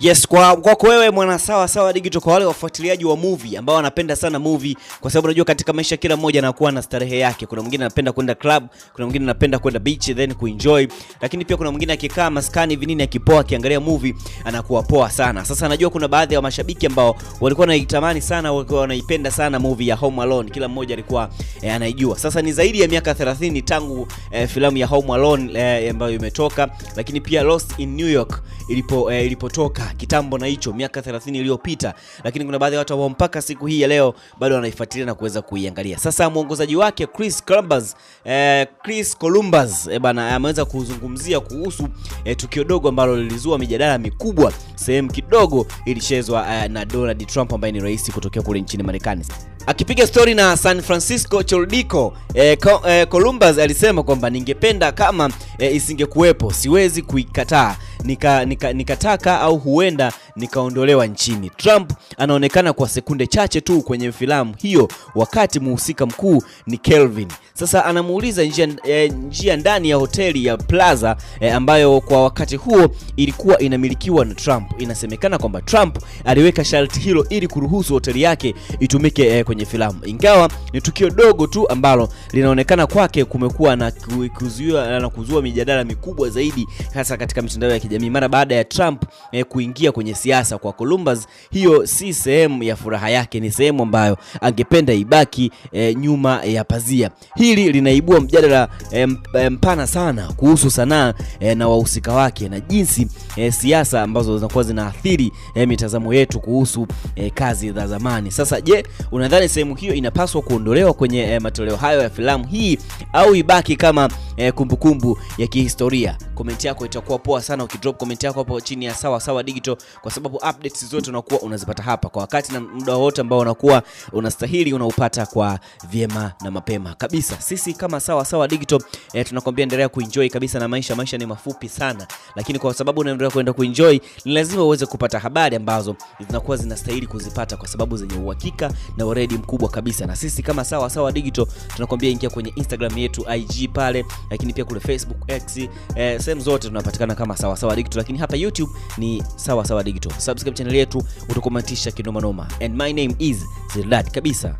Yes, kwa kwako wewe mwana sawa sawa digital, kwa wale wafuatiliaji wa movie ambao wanapenda sana movie, kwa sababu unajua katika maisha kila mmoja anakuwa na starehe yake. Kuna mwingine anapenda kwenda club, kuna mwingine anapenda kwenda beach then kuenjoy, lakini pia kuna mwingine akikaa maskani hivi nini akipoa akiangalia movie anakuwa poa sana. Sasa anajua kuna baadhi ya mashabiki ambao walikuwa wanaitamani sana, walikuwa wanaipenda sana movie ya Home Alone, kila mmoja alikuwa eh, anaijua. Sasa ni zaidi ya miaka 30 tangu eh, filamu ya Home Alone eh, ambayo imetoka, lakini pia Lost in New York ilipo eh, ilipotoka kitambo na hicho miaka 30 iliyopita, lakini kuna baadhi ya watu ambao mpaka siku hii ya leo bado wanaifuatilia na kuweza kuiangalia. Sasa mwongozaji wake Chris Columbus, eh, Chris Columbus eh, bana ameweza kuzungumzia kuhusu eh, tukio dogo ambalo lilizua mijadala mikubwa, sehemu kidogo ilichezwa eh, na Donald Trump ambaye ni rais kutokea kule nchini Marekani akipiga stori na San Francisco Chordico eh, eh, Columbus alisema kwamba ningependa kama e, isingekuwepo siwezi kuikataa nika, nika, nikataka au huenda nikaondolewa nchini. Trump anaonekana kwa sekunde chache tu kwenye filamu hiyo, wakati muhusika mkuu ni Kelvin. Sasa anamuuliza njia, e, njia ndani ya hoteli ya Plaza e, ambayo kwa wakati huo ilikuwa inamilikiwa na Trump. Inasemekana kwamba Trump aliweka sharti hilo ili kuruhusu hoteli yake itumike e, kwenye filamu, ingawa ni tukio dogo tu ambalo linaonekana kwake kumekuwa na kuzuia na kuzua mijadala mikubwa zaidi hasa katika mitandao ya kijamii mara baada ya Trump eh, kuingia kwenye siasa. Kwa Columbus, hiyo si sehemu ya furaha yake, ni sehemu ambayo angependa ibaki eh, nyuma ya pazia. Hili linaibua mjadala eh, eh, mpana sana kuhusu sanaa eh, na wahusika wake na jinsi eh, siasa ambazo zinakuwa zinaathiri eh, mitazamo yetu kuhusu eh, kazi za zamani. Sasa je, unadhani sehemu hiyo inapaswa kuondolewa kwenye eh, matoleo hayo ya filamu hii au ibaki kama eh, kumbukumbu ya kihistoria. Komenti yako itakuwa poa sana ukidrop komenti yako hapo chini ya sawa sawa digital, kwa sababu updates zote unakuwa unazipata hapa kwa wakati na muda wote ambao unakuwa unastahili unaupata kwa vyema na mapema kabisa. Sisi kama sawa sawa digital eh, tunakwambia endelea kuenjoy kabisa na maisha. Maisha ni mafupi sana, lakini kwa sababu unaendelea kwenda kuenjoy, ni lazima uweze kupata habari ambazo zinakuwa zinastahili kuzipata kwa sababu zenye uhakika na uredi mkubwa kabisa. Na sisi kama sawa sawa digital tunakwambia ingia kwenye Instagram yetu IG pale lakini pia kule Facebook, X, eh, sehemu zote tunapatikana kama sawa sawa digital, lakini hapa YouTube ni sawa sawa digital. Subscribe channel yetu utakomatisha kinomanoma And my name is Zilad kabisa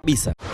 kabisa.